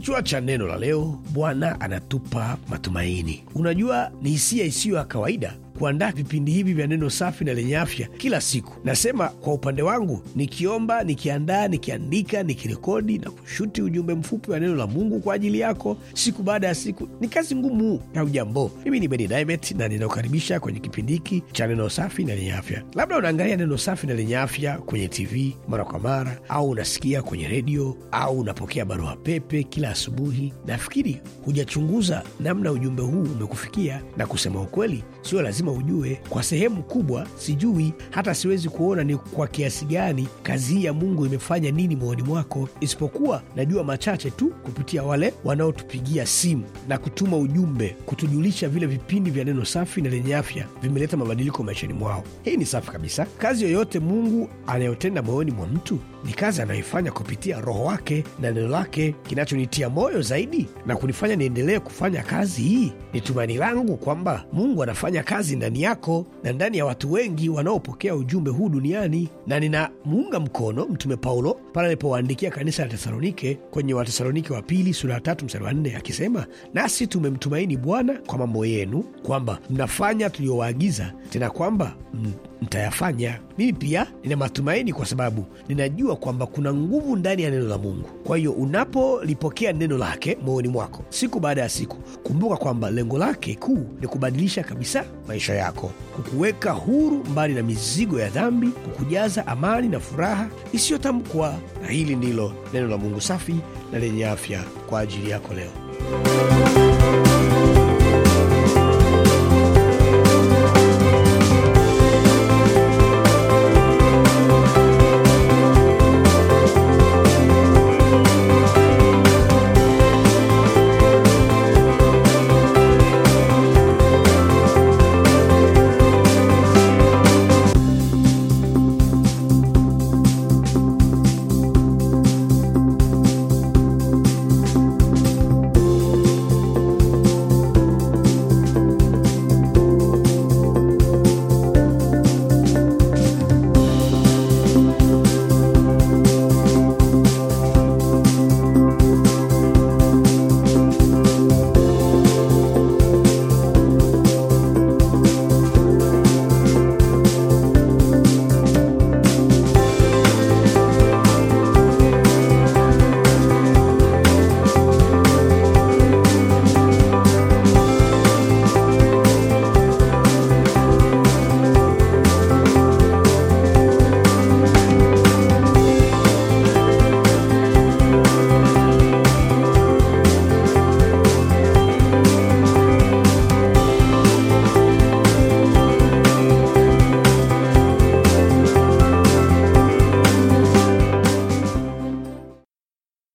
Kichwa cha neno la leo, Bwana anatupa matumaini. Unajua, ni hisia isiyo ya kawaida kuandaa vipindi hivi vya neno safi na lenye afya kila siku. Nasema kwa upande wangu, nikiomba, nikiandaa, nikiandika, nikirekodi na kushuti ujumbe mfupi wa neno la Mungu kwa ajili yako siku baada ya siku, ni kazi ngumu. ujambo mimi ni Beni Dimet na ninakukaribisha kwenye kipindi hiki cha neno safi na lenye afya. Labda unaangalia neno safi na lenye afya kwenye TV mara kwa mara, au unasikia kwenye redio, au unapokea barua pepe kila asubuhi. Nafikiri hujachunguza namna ujumbe huu umekufikia, na kusema ukweli, sio lazima lazima ujue kwa sehemu kubwa, sijui hata siwezi kuona ni kwa kiasi gani kazi hii ya Mungu imefanya nini moyoni mwako, isipokuwa najua machache tu kupitia wale wanaotupigia simu na kutuma ujumbe kutujulisha vile vipindi vya neno safi na lenye afya vimeleta mabadiliko maishani mwao. Hii ni safi kabisa. Kazi yoyote Mungu anayotenda moyoni mwa mtu ni kazi anayoifanya kupitia Roho wake na neno lake. Kinachonitia moyo zaidi na kunifanya niendelee kufanya kazi hii ni tumaini langu kwamba Mungu anafanya kazi ndani yako na ndani ya watu wengi wanaopokea ujumbe huu duniani, na ninamuunga mkono Mtume Paulo pale alipowaandikia kanisa la Tesalonike kwenye Watesalonike wa pili sura ya tatu mstari wa nne akisema, nasi tumemtumaini Bwana kwa mambo yenu, kwamba mnafanya tuliyowaagiza, tena kwamba mtayafanya Mimi pia nina matumaini, kwa sababu ninajua kwamba kuna nguvu ndani ya neno la Mungu. Kwa hiyo unapolipokea neno lake moyoni mwako siku baada ya siku, kumbuka kwamba lengo lake kuu ni kubadilisha kabisa maisha yako, kukuweka huru mbali na mizigo ya dhambi, kukujaza amani na furaha isiyotamkwa. Na hili ndilo neno la Mungu safi na lenye afya kwa ajili yako leo.